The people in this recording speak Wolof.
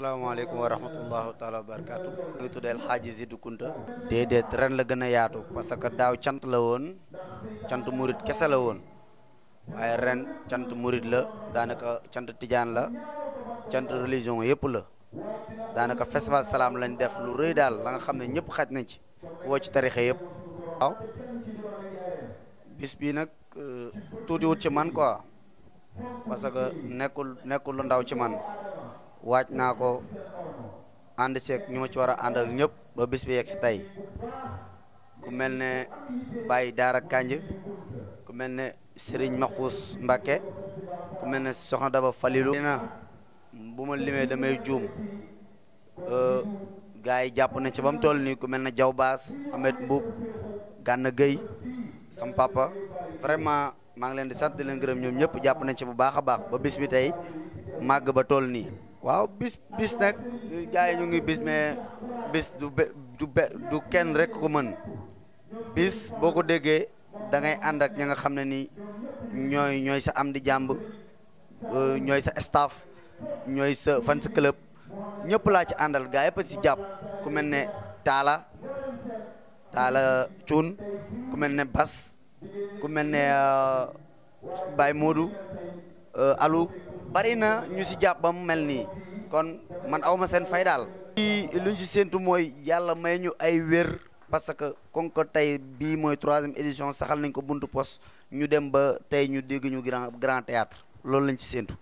asalaamaaleykum wa rahmatullahu taala wa barakatu muy tuddeel xaaji Sidy Kunta déedéet ren la gën a yaatu parce que daaw cant la woon cant murit kese la woon waaye ren cant murit la daanaka cant tijaan la cant religion yëpp la daanaka festival salaam lañ def lu rëy daal la nga xam ne ñëpp xaj nañ ci woo ci tarixe yëpp waaw bis bi nag euh, tuutiwut ci man quoi parce que nekkul nekkul lu ndaw ci man waaj naa ko ànd seeg ñu ma ci war a àndal ñëpp ba bis bi yegg tey ku mel ne Baye Daara Kanj ku mel ne Serigne Maxuus mbake ku mel ne Soxna Daba Falilu na bu ma limee damay juum gars yi jàpp na ci ba mu toll nii ku mel ne Jaw Baas Ahmed Mbuub Gànna Gueye sam papa vraiment maa ngi leen di sant di leen gërëm ñoom ñëpp jàpp na ci bu baax a baax ba bis tey màgg ba tol nii waaw bis bis nag jaay ñu ngi bis mais bis du kenn rek ko mën bis boo ko déggee da ngay ànd ak ña nga xam ne ni ñooy ñooy sa am di jàmb euh, ñooy sa staff ñooy sa fan sa club ñëpp laa ci àndal gaa yëpp ci si jàpp ku mel ne taala taala Cuun ku mel ne Bas ku mel ne euh, Baye modu euh, Alou bari na ñu ci jàpp mu mel nii kon man awma seen fay daal. ci luñ ci si séntu mooy yàlla may ñu ay wér parce que kon ko tey bii mooy troisième édition saxal nañ ko buntu pos ñu dem ba tey ñu dégg ñu grand grand théâtre loolu lañ ci séntu.